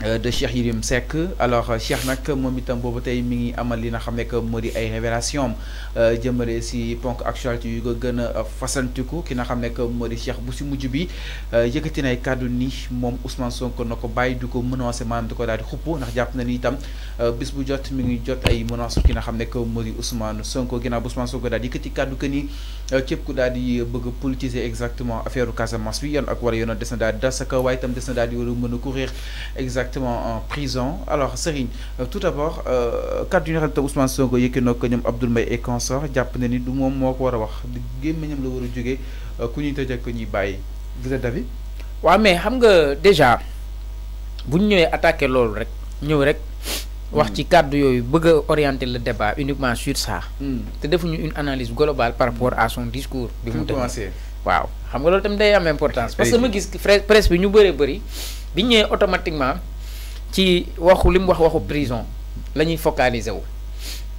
Euh, de Cheikh Yérim Seck alors euh, Cheikh nag moom itam boobu tey mi ngi amal li na xam ne que moo di ay révélation am euh, jëmale si ponk actualité yu ko gën a fasantiku ki na xam ne que moo di Cheikh bu si mujj bi yëkkati nay kàddu ni moom Ousmane Sonko na ko bàyyi du ko menacé maanaam di ko daal di jàpp na itam bis bu jot mi ngi jot ay menaces ki na xam ne que moo di Ousmane Sonko ginnaaw bu Ousmane Sonko daal di yëkkati kàddu que ni képp ku daal di bëgg politiser exactement affaire Casamance bi yoon ak war a des na daal di dal sa kaw waaye itam des na daal en prison alors rien euh, tout d'abord quand euh, yi nga Ousmane Sonko yëkki na ko et consort jàpp ne ni du moom moo ko war a wax di gémmiñam la war a euh, ku ñuy tëj ak vous êtes d'avis Oui, mais xam nga déjà bu n'y attaquer attaqué loolu rek ñëw rek wax hmm. ci kàddu yooyu bëgg orienter le débat uniquement sur ça hmm. te une analyse globale par rapport à son discours bi mu commencé waouh xam nga loolu tamit day am importance parce que ma gis presse bi ñu bëree bëri bi automatiquement ci waxu li mu wax waxu prison la ñuy focaliser wu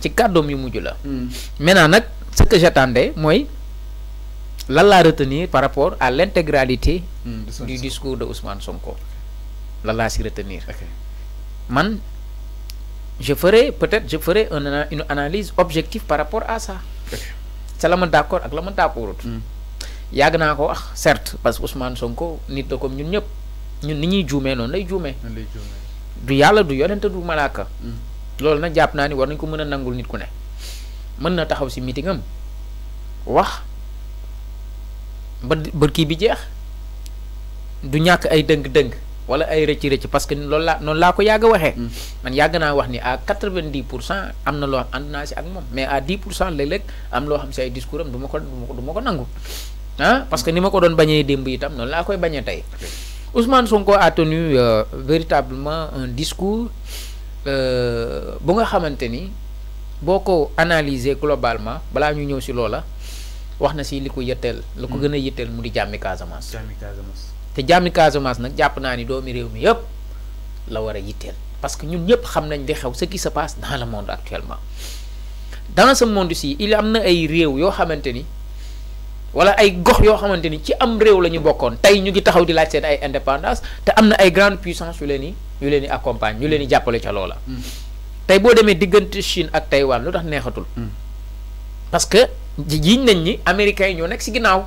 ci cadeau mi de la. Hmm. maintenant nak ce que j'attendais moi là la retenir par rapport à l'intégralité hmm, du discours de Ousmane Sonko là la si retenir. man je ferai peut-être je ferai une analyse objective par rapport à ça. c'est la d'accord ak la ma d'accord hmm. yàgg naa ko certes parce que Ousmane Sonko nit de comme ñun ñep ñun ni ñi juumee non lay du yalla du yonent du Malaka loolu nag jàpp naa ni war nañ ko mën a nangul nit ku ne mën na taxaw si meeting wax ba ba kii bi jeex du ñàkk ay dëng-dëng wala ay rëcc rëcc parce que loolu laa noonu laa ko yàgg waxee. Mm. man yàgg naa wax ni à quatre-vingt-dix pour cent am na loo xam ànd naa si ak moom mais à dix pour cent léeg-léeg am loo xam si ay discours am du ma ko du ma ko nangu ah parce que ni ma ko doon bañee démb itam noonu laa koy bañee tey Ousmane Sonko ko tenu euh, véritablement un Euh, bu nga xamante ni boo ko analyser globalement balaa ñu ñëw si loola wax na si li ko yëtteel. lu ko hmm. gën a yëtteel mu di jàmmi Casamance. jàmmi te jàmmi Casamance nag jàpp naa ni doomi réew mi yëpp la war a yitteel parce que ñun ñëpp xam nañ li xew sa qui se passe dans le monde actuellement dans ce monde ci il am na ay réew yoo xamante ni walla ay gox yoo xamante ni ci am réew la ñu bokkoon tey ñu ngi taxaw di laaj seen ay indépendance te am na ay grande puissance yu leen ñu leen di accompagne ñu leen di jàppale ca loola. Mm. tey boo demee diggante Chine ak Taïwan lu tax neexatul. Mm. parce que jiiñ nañ ni américains yi ñoo nekk si ginnaaw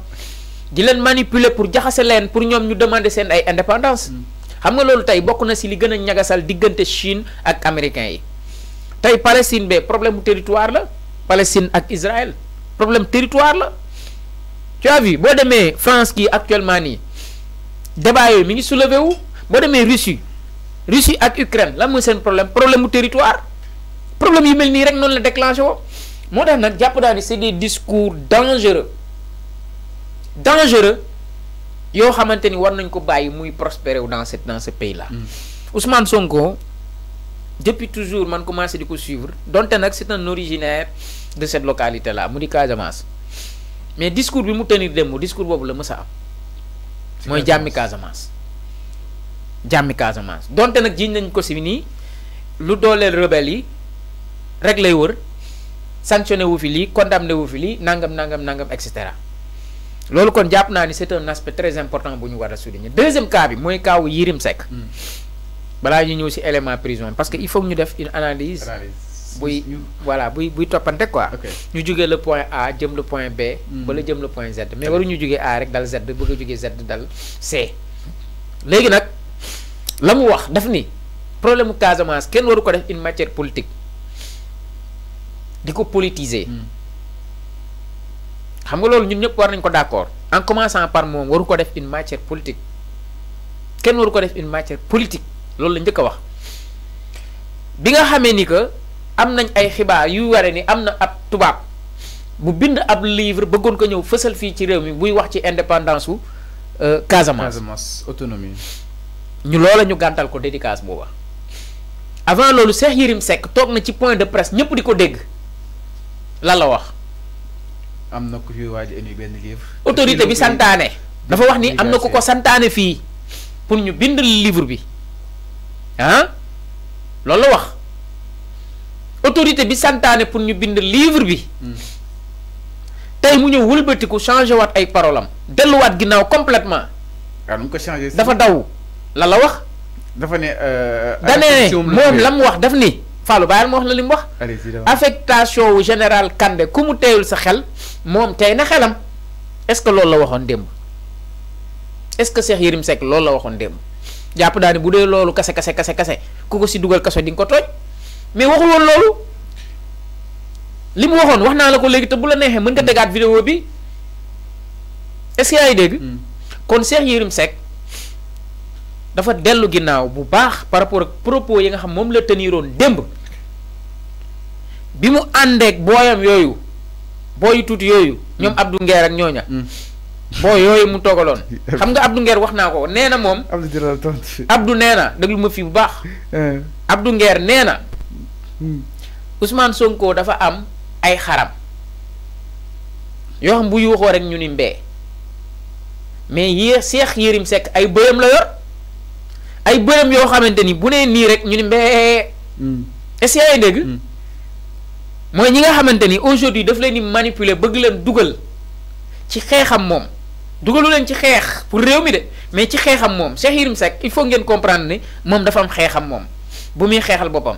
di leen manipuler pour jaxase leen pour ñoom ñu demander seen ay indépendance. Mm. xam nga loolu tey bokk na si li gën a ñagasal diggante Chine ak américains yi tey Palestine be problème mu territoire la Palestine ak Israël problème territoire la. tu as boo demee France kii actuellement nii débat yooyu mi ngi soulevé wu boo demee Russie. Russie ak Ukraine la mooy seen problème problème mu territoire problème yu mel nii rek noonu la déclenché woo moo tax nag jàpp naa ni c'est des discours dangereux dangereux yoo xamante ni war nañ ko bàyyi muy prospérer wu dans ce dans ce pays là. Mm. Ousmane Sonko depuis toujours man commencé di ko suivre donte nag c'est un originaire de cette localité là mu di Casamance mais discours bi mu tenir démb discours boobu la mës a am. mooy jàmmi Casamance. jamais Casamance donte nag jiñ nañ ko si nii lu dooleel rebelle yi rek lay wër sanctionné wu fi lii condamné wu fi lii nangam nangam nangam et cetera loolu kon jàpp naa ni c'est un aspect très important bu ñu war a souligner deuxième cas bi mooy kaawu Yirim Seck hmm. balaa ñu ñëw si élément prison parce que il faut ñu def une analyse buy voilà buy buy toppante quoi ñu juger le point A jëm le point B hmm. ba la jëm le point Z mais waruñu jógee A rek dal Z bëgg a Z dal C léegi nag la mu wax daf ni problème mu Casamance kenn waru ko def une matière politique di ko politiser. Hmm. xam nga loolu ñun ñëpp war nañ ko d'accord en commençant par moom waru ko def une matière politique kenn waru ko def une matière politique loolu la njëkk a wax bi nga xamee ni que am nañ ay xibaar yu waree ni am na ab tubaab bu bind ab livre bëggoon ko ñëw fësal fii ci réew mi buy wax ci indépendance su euh, Casamance. Casamance autonomie. ñu loola ñu gàntal ko dédicace booba avant loolu Cheikh yirim Seck toog na ci point de presse ñëpp di ko dégg lan la wax. am na ku fi waaj indi benn livre. autorité bi santaane. dafa wax ni am na ku ko santaane fii pour ñu bind livre bi ah loolu la wax autorité bi santaane pour ñu bind livre bi. Hmm. tey mu ñëw wëlbatiku changé waat ay parolam delluwaat ginnaaw complètement ah, dafa daw. lan la wax. dafa ne. Euh, euh, dane moom la mu wax daf ni. Fallou Bayal ma wax la li mu wax. affectation wu général kande ku mu teeyul sa xel moom tey na xelam est-ce que loolu la waxoon démb est-ce que Cheikh Yérim Seck loolu la waxoon démb jàpp daa ne bu dee loolu kase kase kase kase ku ko si dugal kaso di nga ko tooñ mais waxul woon loolu li mu waxoon wax naa la ko léegi te bu la neexee mën nga déggaat vidéo bi est-ce que yaa ngi dégg. Hmm. kon Cheikh Yérim Seck. dafa delu ginnaaw bu baax par rapport ak propos yi nga xam moom la teniroon démb bi mu àndeek booyam yooyu booyu tuuti yooyu ñoom mm. Abdou Nguer ak ñooña mm. boo yooyu mu toogaloon xam nga Abdou Nguer wax naa ko nee na moom Abdou nee na ma fi bu baax eh. Abdou Nguer nee na mm. Ousmane Sonko dafa am ay xaram yoo xam bu yuuxoo rek ñu ni mbee mais yéex Cheikh Yérim ay bëyam la yor ay bërëm yoo xamante ni bu nee nii rek ñu ne mbee hmm. est-ce que yaa hmm. mooy ñi nga xamante ni aujourd'hui daf leen di manipuler bëgg leen dugal ci xeexam moom dugalu leen ci xeex pour réew mi de mais ci xeexam moom Cheikh Yérim Seck il faut ngeen comprendre ni moom dafa am xeexam moom bu muy xeexal boppam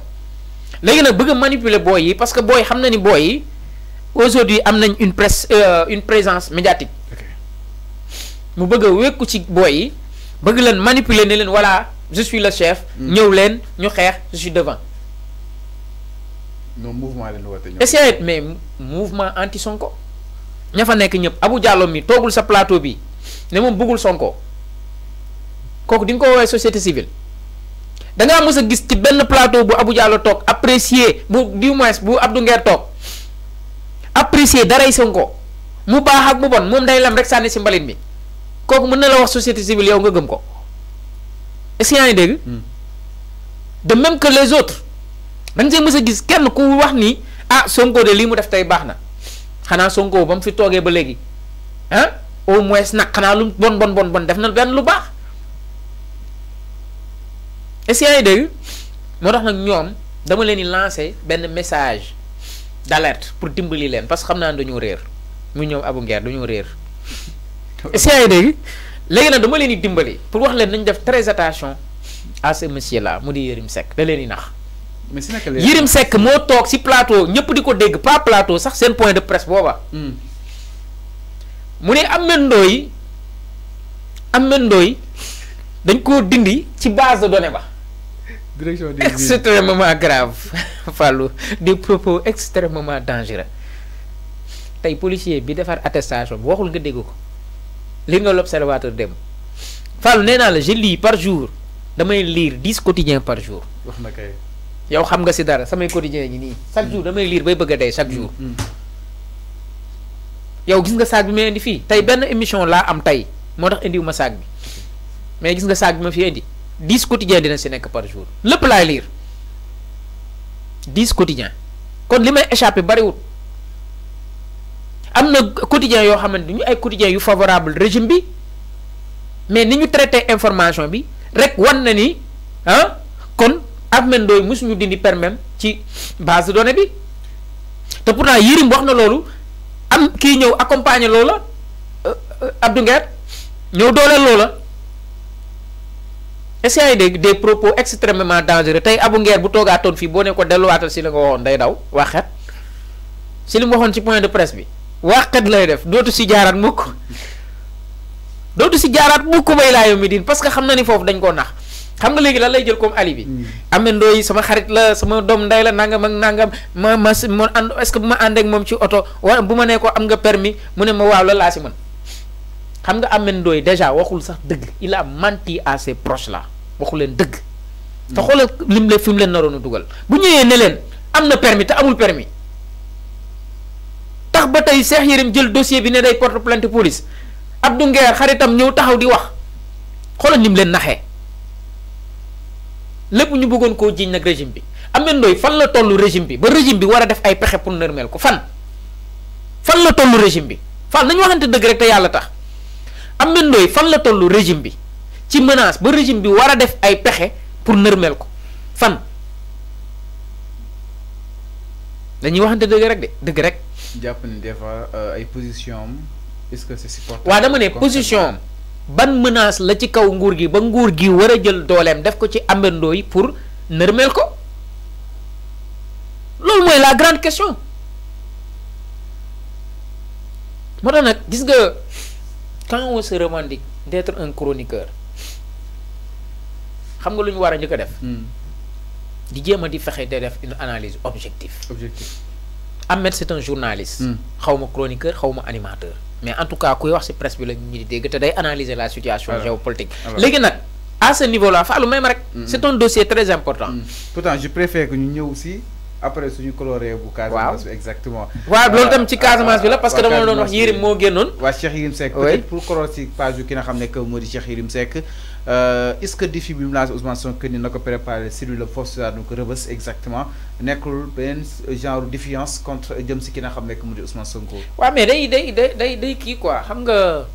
léegi nag bëgg a manipuler booy yi parce que booy xam na ni booy yi aujourd'hui am nañ une presse euh, une présence médiatique mu bëgg a wékku ci booy yi bëgg leen manipuler ne leen voilà je suis le chef ñew len ñu xex je suis devant non mouvement leen essayé mais mouvement anti Sonko ña fa nek ñep Abou Diallo mi togul sa plateau bi ne mom songko. Sonko kooku di ko woowee société civile da nga mësa gis ci ben plateau bu Abou Diallo tok apprécier bu du moins bu Abdou Nguer tok apprécier daray Sonko mu baax ak mu bon mom day lam rek sànni ci mbalit bi kooku mën na la wax société civile yow nga gëm ko est yi que yaa ngi dégg. Hmm. de même les autres dañ nga see mës gis kenn ku wax nii ah Sonko de lii mu def tey baax na xanaa Sonko ba mu fi toogee ba léegi ah au moins nag xanaa lu bon bon bon bon def na benn lu baax est-ce dégg moo tax nag ñoom dama leen di lancer benn message d'alerte pour dimbali leen parce que xam naa ne dañoo réer mu ñoom Abou Nguer dañoo réer. est-ce dégg. léegi nag dama leen di dimbali pour wax leen nañ def très attention à ce monsieur là mu di Yérim Seck da leen di nax. mais si naka Yérim Seck moo toog si plateau ñëpp di ko dégg pas plateau sax seen point de presse booba. Hmm. mu ne am Ameth am Ameth Ndoye dañ koo dindi ci base de données ba. direction des extrêmement grave Fallou des propos extrêmement dangereux tey policier bi defar attestation bi waxul nga dégg ko. li nga l'observateur dem Fallou nee naa la je par jour damay lire dix quotidiens par jour. wax na kay yow xam nga si dara samay quotidiens yi nii chaque jour damay liir bay bëgg a dee chaque jour. Mm, mm. yow gis nga saag bi may indi fii tey benn émission laa am tey moo tax indiwuma saag bi mais gis nga saag bi ma fi indi dix quotidiens dina si nekk par jour lépp laay lire dix quotidiens kon li may échappé bariwul. am na quotidien yoo xamante ñu ay quotidien yu favorable régime bi mais ni ñu traité information bi rek wan na ni ah kon Ahmed Ndoye mosuñu dindi permem ci base de données bi te pourtant Yérim wax na loolu am kii ñëw accompagner loola la euh, euh, Nguer ñëw dooleel loola la ce que ay dégg des propos extrêmement dangereux tey Abdou Nguer bu toogaatoon fii boo ne ko delluwaatal si la nga waxoon day daw waxet si li mu waxoon ci point de presse bi wàqat lay def dootu si jaaraat mukk dootu si jaaraat mukk bay laa mi diin parce que xam na ni foofu dañ koo nax xam nga léegi lan lay jël comme ali bi mm. amee ndooy sama xarit la sama doom ndey la nangam ak nangam ma ma si ma ànd est que bu ma àndeek moom ci oto wala bu ma nee ko am nga permis mu ne ma waaw la laa si mën xam nga amee ndooy déjà waxul sax dëgg il a menti à ses proches là waxu leen dëgg. Mm. te xoolal lim leen fi mu leen naroon a dugal bu ñëwee ne leen am na permis amul permis tax ba tey Cheikh Yérim jël dossier bi ne day porte plainte police Abdou Nguer xaritam ñëw taxaw di wax xoolal ni mu leen naxee lépp ñu bëggoon koo jiiñ nag régime bi Ameth Ndoye fan la tollu régime bi ba régime bi war a def ay pexe pour nërmeel ko fan fan la tollu régime bi fan nañu waxante dëgg rek te yàlla tax Ameth Ndoye fan la tollu régime bi ci menace ba régime bi war a def ay pexe pour nërmeel ko fan dañuy waxante dëgg rek de dëgg rek jàpp ne des euh, ay position est-ce que c'est supportable dama ne position ban menace la ci kaw nguur gi ba nguur gi wara jël dolem def ko ci ambandoo pour neurmel ko loolu moy la grande question moo nak gis nga quand on se revendique d'être un chroniqueur xam nga luñu wara ñëk def hmm. di jema di fexé de def une analyse objective objective Ahmed c'est un journaliste. un hmm. chroniqueur un animateur. mais en tout cas kuy wax ci presse bi la ñu dégg analyser la situation géopolitique. à ce niveau là hmm. c'est un dossier très important. Hmm. pourtant je préfère que nous aussi. aussi... après suñu coloré bu Casamance bi exactement waaw loolu tam euh, ci Casamance bi la parce que dama la doon wax Yérim moo génnoon waa si page yu ki nga xam ne que moo di Cheikh Yérim euh, bi mu lancé Ousmane Sonko ni na ko préparé si la force nu ko rëbës exactement nekkul beneen genre défiance contre jëm si ki nga xam ne mu di Ousmane Sonko waaw mais day day day day kii quoi xam nga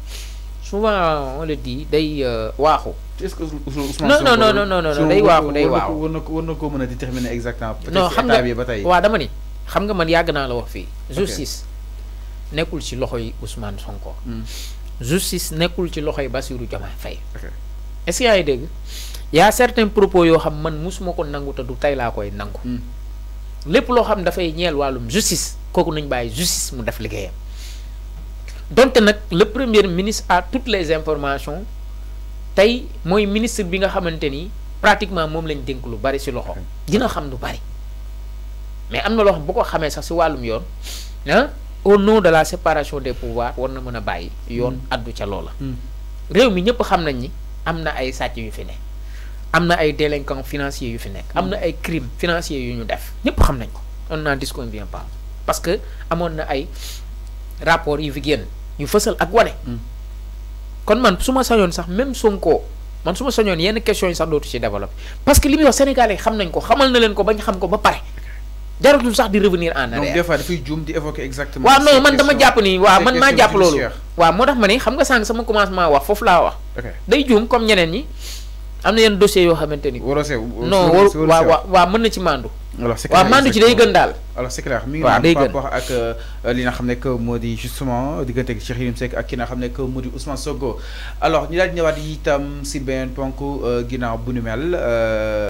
souvent on le dit day euh, waaxu. est-ce que Ousmane Sonko non non non non na ko war na ko mën a déterminer exactement. non xam nga ba tey waaw dama ni. xam nga man yàgg naa la wax fii. justice nekkul ci yi Ousmane Sonko. Hmm. justice nekkul ci loxo yi Diomaye Faye. est-ce que yaa ngi dégg y a certains propos yoo xam man musuma ko nangu te du tey laa koy nangu. Hmm. lépp loo xam dafay ñeel wàllum justice kooku nañ bàyyi justice mu def liggéeyam. donte nag le premier ministre a toutes les informations tey mooy ministre bi nga xamante pratiquement moom lañ dénk lu bari ci loxo dina xam lu bari mais am na loo xam bu ko xamee sax ci wàllum yoon ah au nom de la séparation des pouvoirs war na mën a bàyyi yoon mm. addu ca loola mm. réew mi ñëpp xam nañ ni am na ay sàcc yu fi ne am na ay délinquants financiers yu fi nekk am na mm. ay crimes financiers yu ñu def ñëpp xam nañ ko on n'en disconvient pas parce que amoon na ay rapport yu fi ñu fësal ak wane. Hmm. kon man su ma sañoon sax même Sonko man su ma sañoon yenn question yi sax dootu ci développé parce que li muy wax sénégalais xam nañ ko xamal na leen ko bañ xam ko ba pare. jaratul sax di revenir en arrière donc des fois dafay juum di évoquer exactement. waaw non man dama jàpp ni waaw man maa jàpp loolu. waaw moo tax ma ne xam nga sànq sama commencement wax foofu laa wax. day juum comme ñeneen ñi. am na yenn dossiers yoo xamante ni. waroo sew non waa waa waa mën na ci maandu. alors c' est maandu ci day gën daal. alors c' est clair mi ngi naan par rapport ak euh, li nga xam ne que moo di justement diggante Cheikh Yérim Seck ak ki nga xam ne que moo di Ousmane Sonko alors ñu daal di ñëwaat itam si benn ponk euh, ginnaaw bu nu mel. Euh,